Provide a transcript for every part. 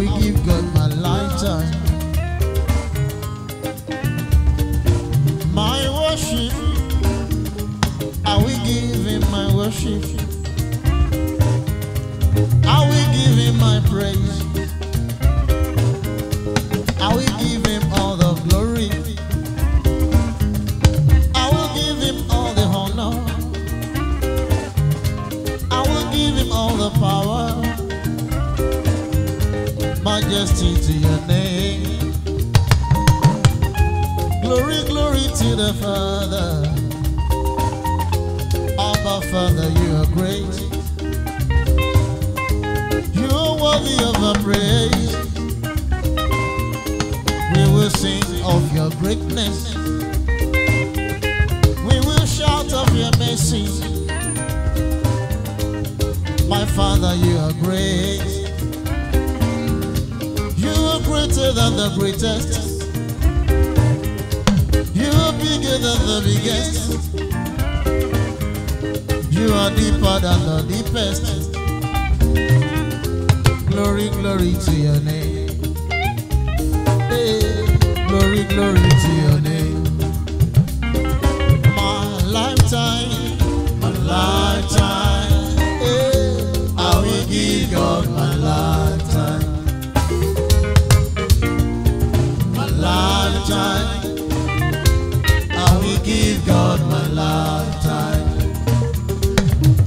we give God my lifetime. bigger than the greatest. You are bigger than the biggest. You are deeper than the deepest. Glory, glory to your name. Hey, glory, glory to your name. My lifetime, my lifetime. Hey, I will give God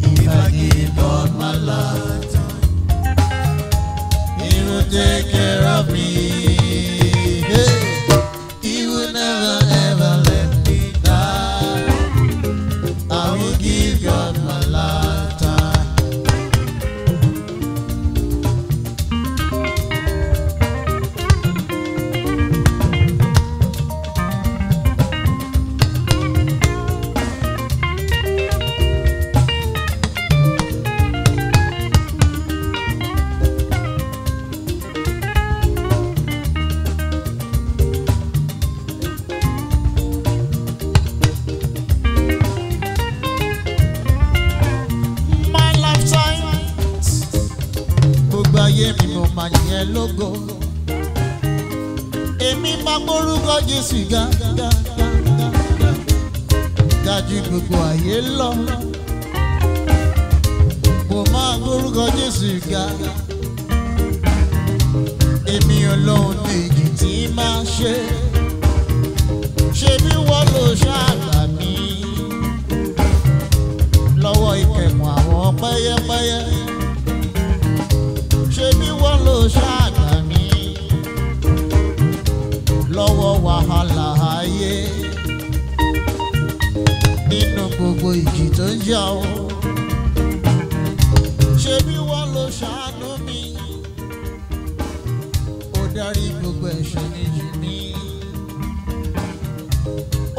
if I give God my lifetime, it will take o. ṣé lo ṣàánú mi ó dárí gbogbo ẹ̀ṣẹ̀ níjì mí.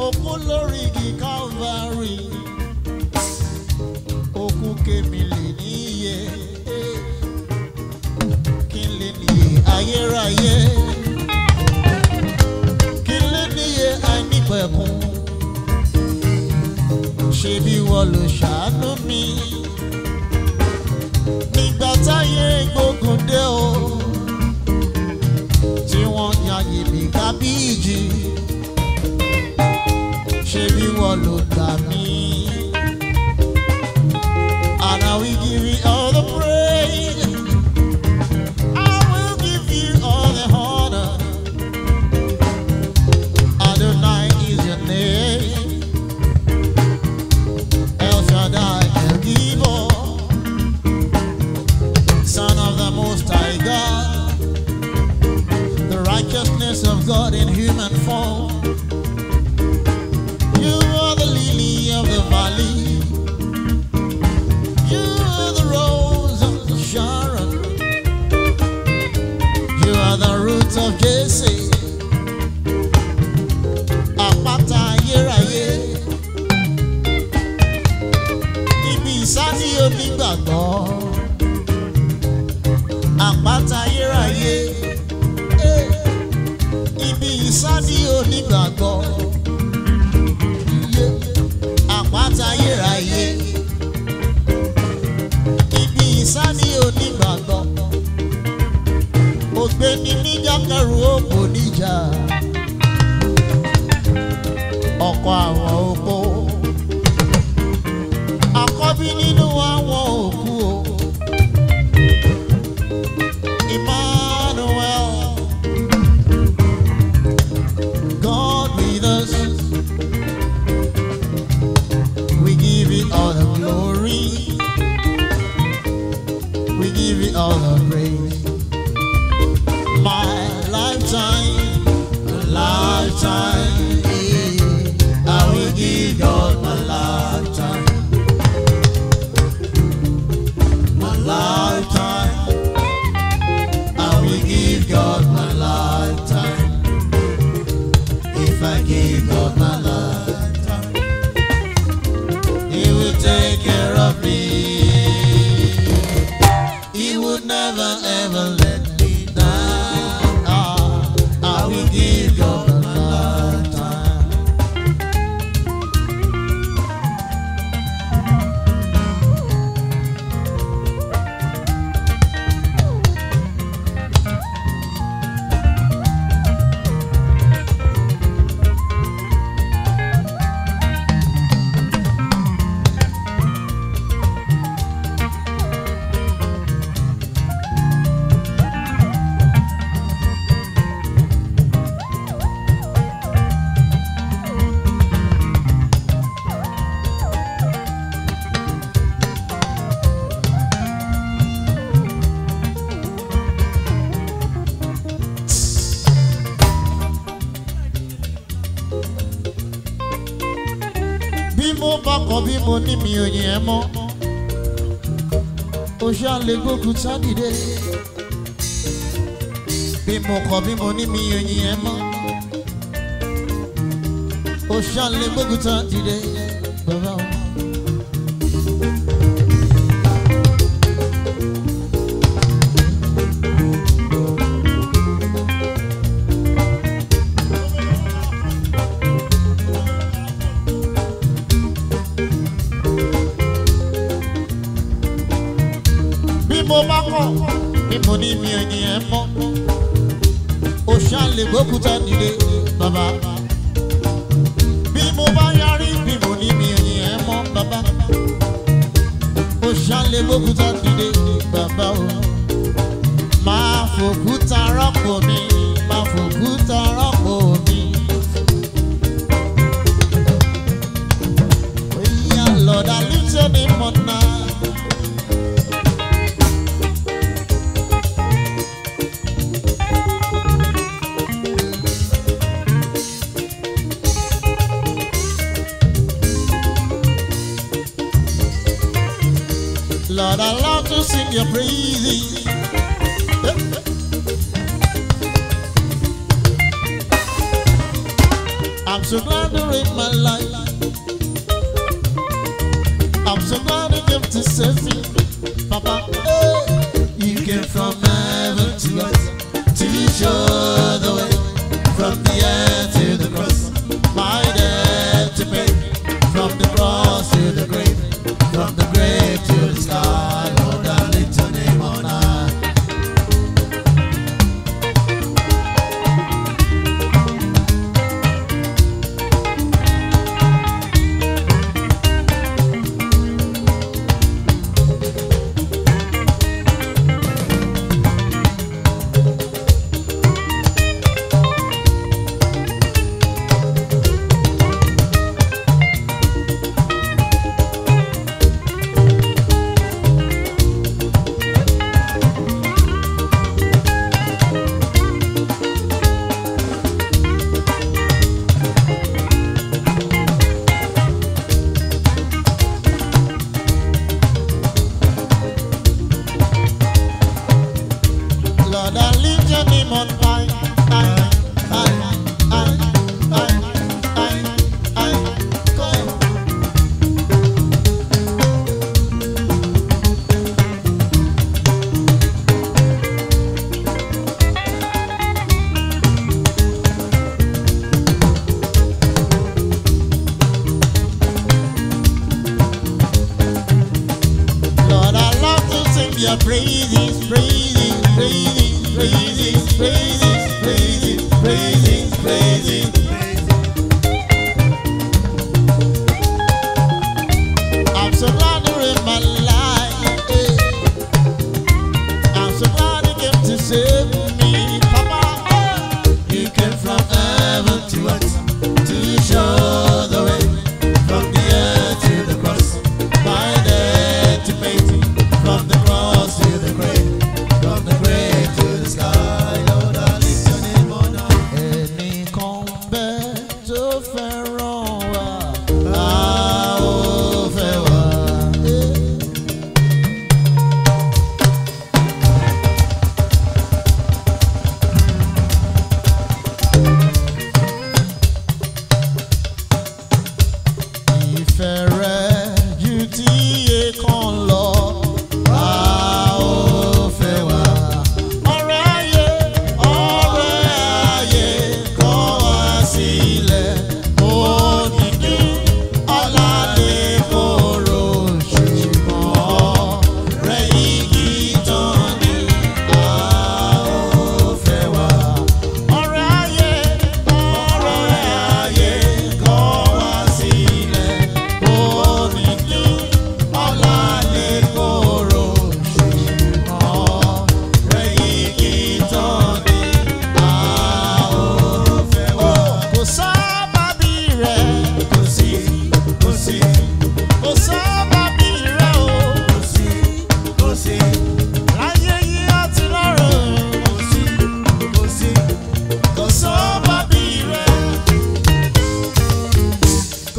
òkú lórí igi Calvary òkú kémi lè níye kí n lè níye ayérayé kí n lè níye àìnípẹ̀kun ṣe bí wọ́n ló ṣàánú mi. nígbà táyé gbógun dé o tí wọ́n yàyè mi ká bí ìjì ṣe bí wọ́n ló gbà goodness of God in human form. You are the lily of the valley. You are the rose of the Sharon. You are the root of Jesse. Apata yeraye. Ibi isani onígbàgbọ́. Apata yeraye. sádì onígbàgbọ́ iye àpáta ayérayé ibi ìsádì onígbàgbọ́ ògbéni níjà kẹrù ògbò níjà ọkọ àwọn. bí mo ní mi ò yẹn mọ́ o ṣáà lè gbógun tá bí mo kọ̀ bí mo ní mi ò yẹn mọ́ o ṣáà lè gbógun tá dìde bàbá o. òṣàlè gbókúta dìde bàbá. bí mo bá yarí bí mo ní mi ẹ̀yìn ẹ̀ mọ́ bàbá. òṣàlè gbókúta dìde bàbá o. máa fòkúta rọ́pò mi. your praise.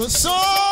do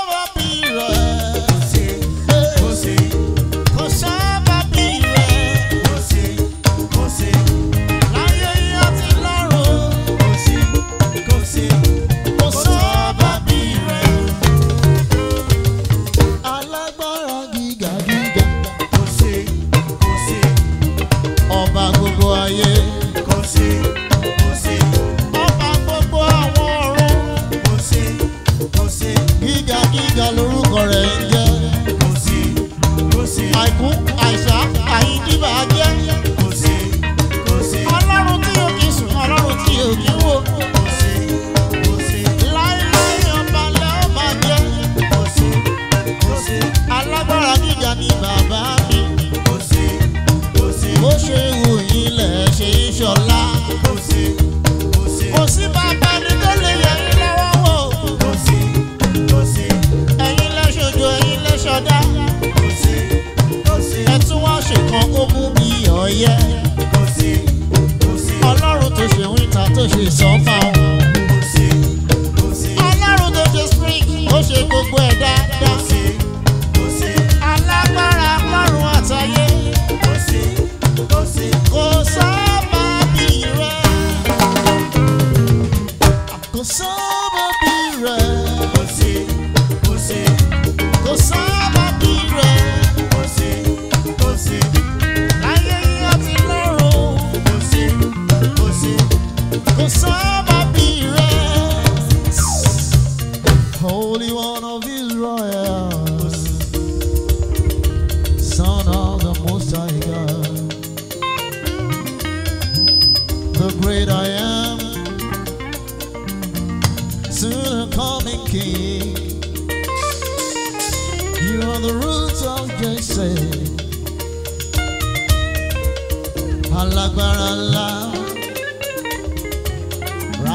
horizontal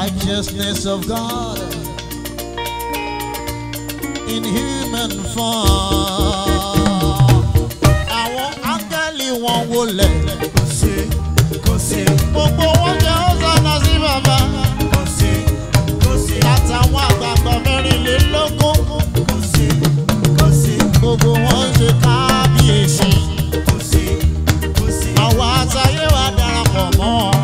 righteousness of God in human form. Àwọn áńgẹ́lì wọn wọlé. Ṣé kò sí? Gbogbo wọn jẹ́ ọ̀sánà sí bàbá. Kò sí, kò sí. Àtàwọn àgbàgbọ́ mẹ́rìnlélógún. Kò sí, kò sí. Gbogbo wọn ń ṣe kábíyèsí. Kò sí, kò sí. Àwọn àtayé wa darapọ̀ mọ́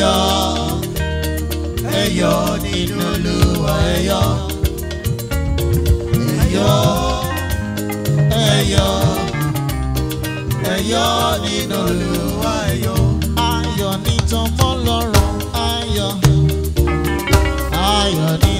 yọ̀ ẹ yọ̀ nínú Olúwa ẹ yọ̀ ẹ yọ̀ ẹ yọ̀ ẹ yọ̀ nínú Olúwa ẹ yọ̀ ayọ̀ ní tọmọ lọ́run ayọ̀ ayọ̀ ní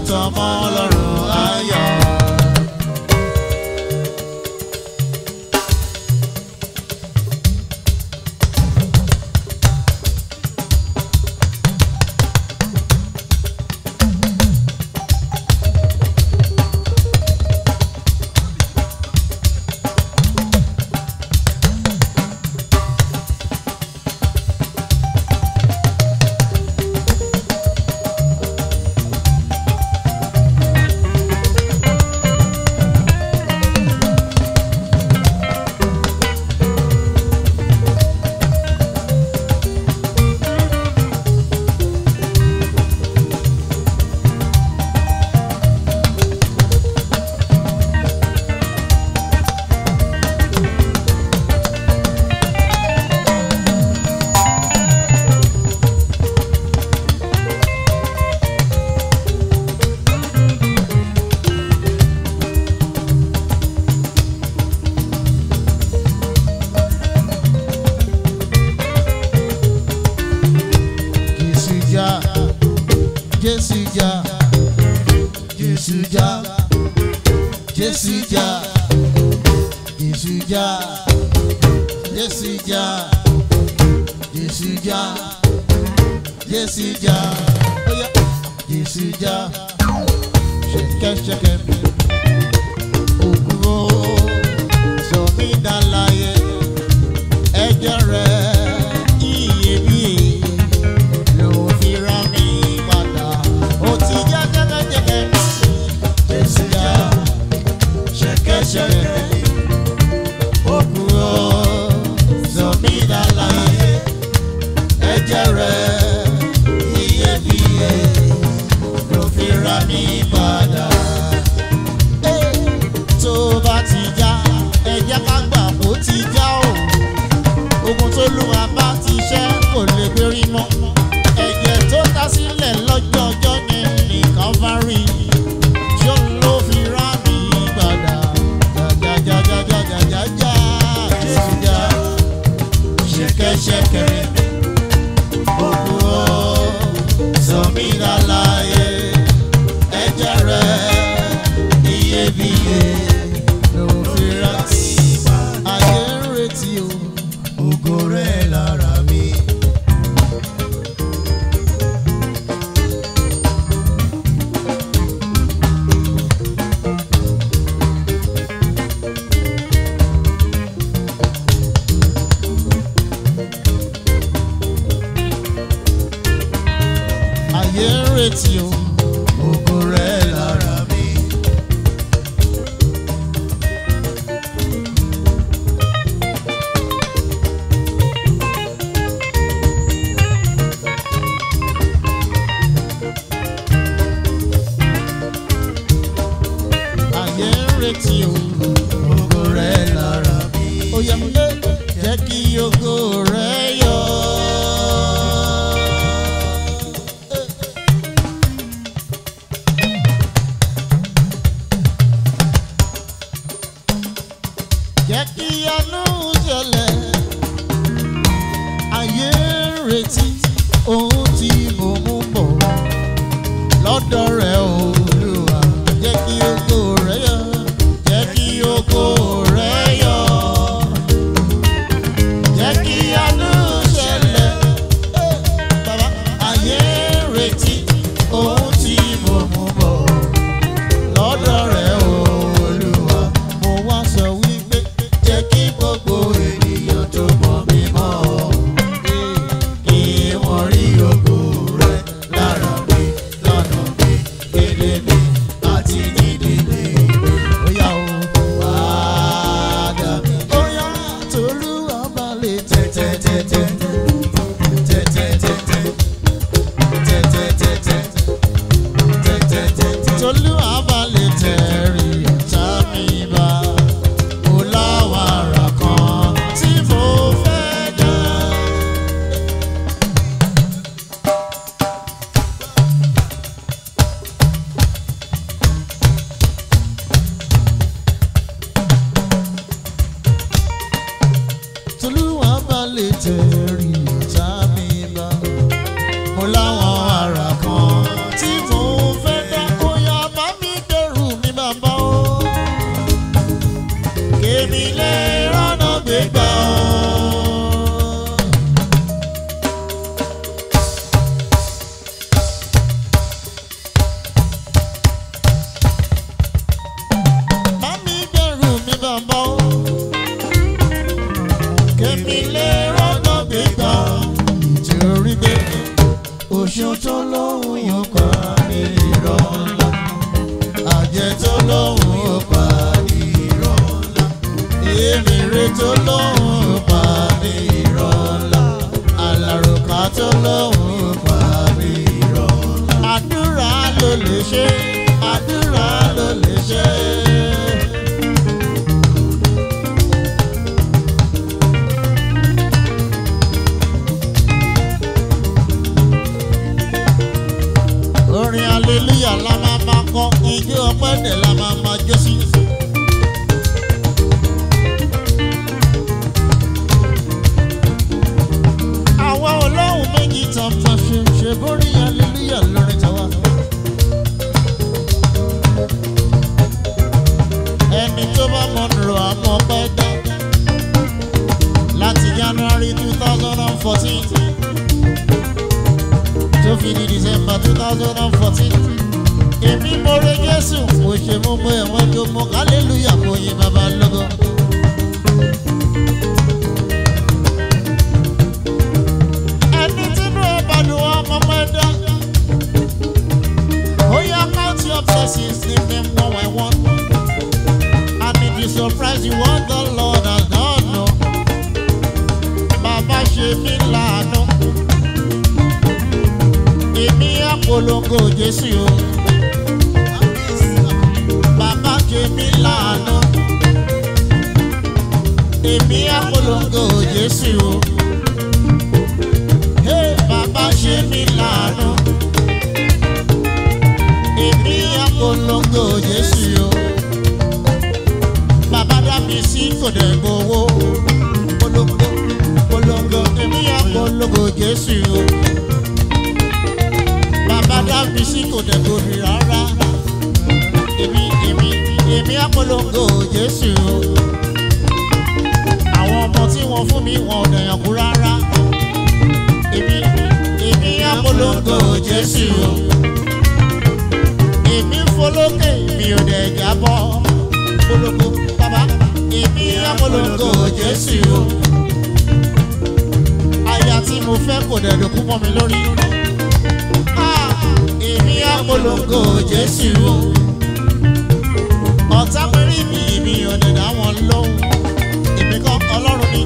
canción thousand and fourteen èmi mo re Jésù mo ṣe mo mọ ẹ̀wọ̀n tó mọ hallelujah mo yin bàbá. gbogbo Jésù o bàbá dábì sí kò dẹ̀ gbowó polongo polongo èmi yà polongo Jésù o bàbá dábì sí kò dẹ̀ gbòdì rárá èmi èmi èmi yà polongo Jésù o àwọn ọmọ tí wọ́n fún mi wọn ò dẹ̀yàn kú rárá èmi èmi yà polongo Jésù o èmi ń folókè mi ò dẹ̀ jábọ́ polongo bàbá èmi apolongo Jésù o aya tí mo fẹ́ kò dẹ̀ dòkú mọ́ mi lórí ah, èmi apolongo Jésù o ọ̀tá péré mi mi ò dẹ̀ dá wọn lóhùn èmi kọ́ Ọlọ́run ni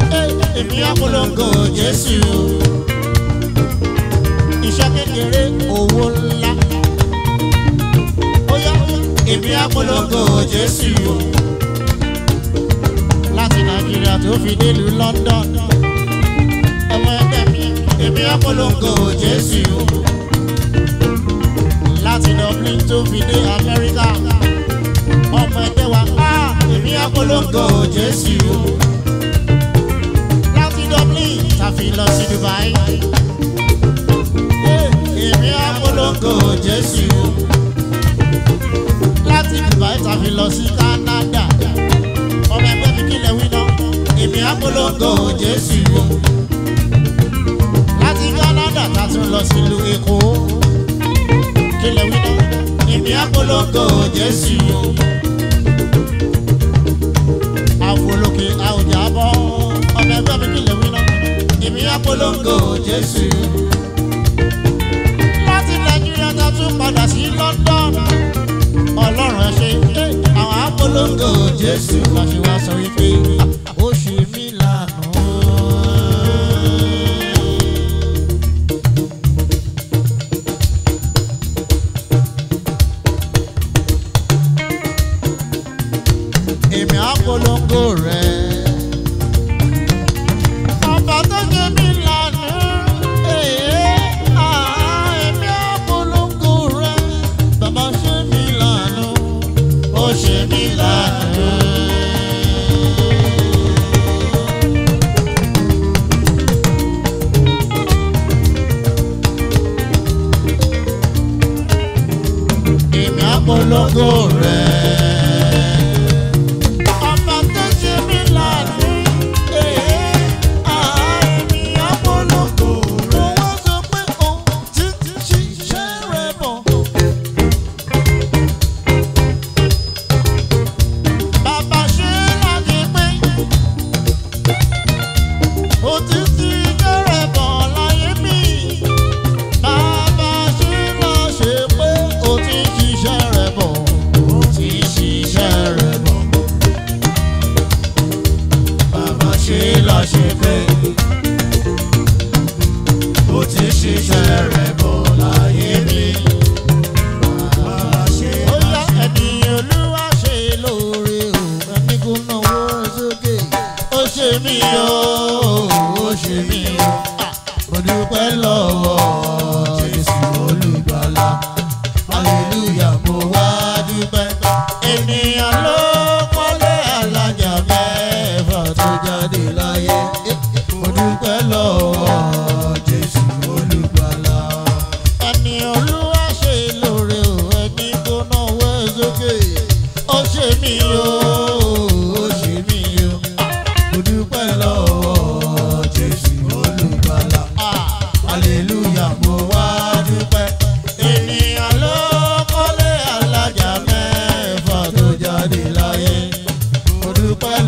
èmi apolongo Jésù o iṣẹ́ kékeré owó ńlá èmi apolongo Jésù láti Nàìjíríà tó fi délùú London ọmọ ẹgbẹ́ mi èmi apolongo Jésù láti Dublin tó fi dé America. ọmọ ẹgbẹ́ wa ah, á èmi apolongo Jésù láti Dublin tàfi lọ sí Dubai èmi apolongo Jésù àfi lọ sí Canada ọmọ ẹgbẹ́ mi kílẹ̀ wí náà èmi àpolongo Jésù o láti Canada ta tún lọ sílùú Èkó kílẹ̀ wí náà èmi àpolongo Jésù o àfolókè àwòjà bọ́ ọmọ ẹgbẹ́ mi kílẹ̀ wí náà èmi àpolongo Jésù láti Nàìjíríà ta tún padà sí London ọlọ́run ẹ ṣe polongo Jésù la ṣe wá sọ wípé.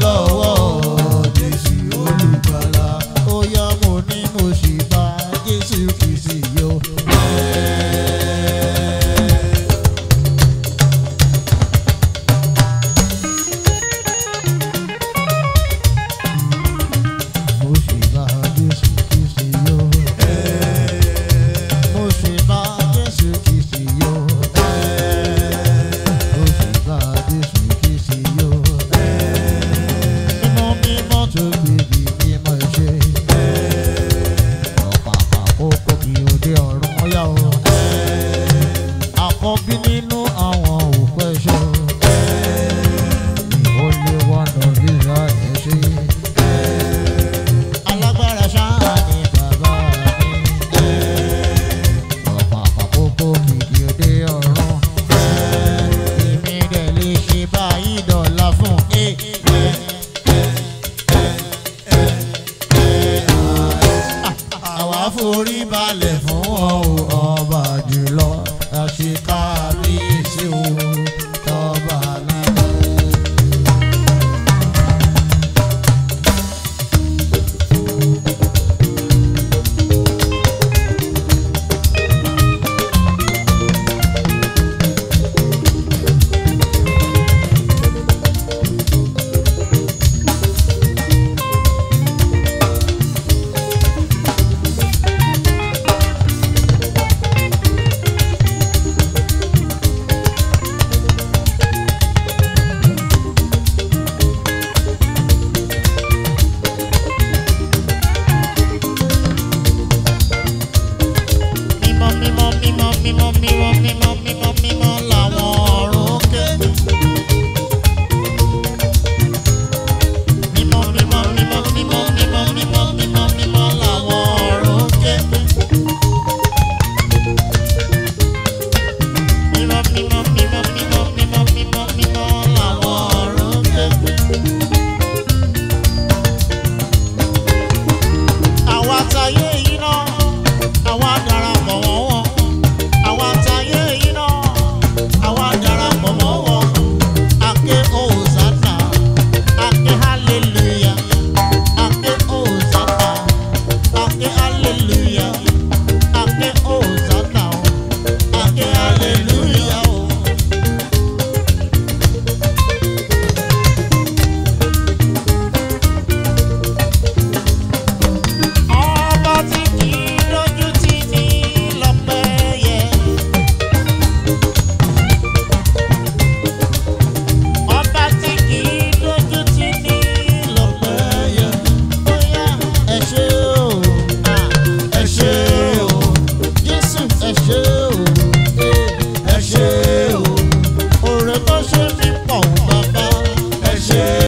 lọ́wọ́. forí balẹ̀ fún ọ ọba jùlọ àṣekárí ṣe òun. Mm-hmm.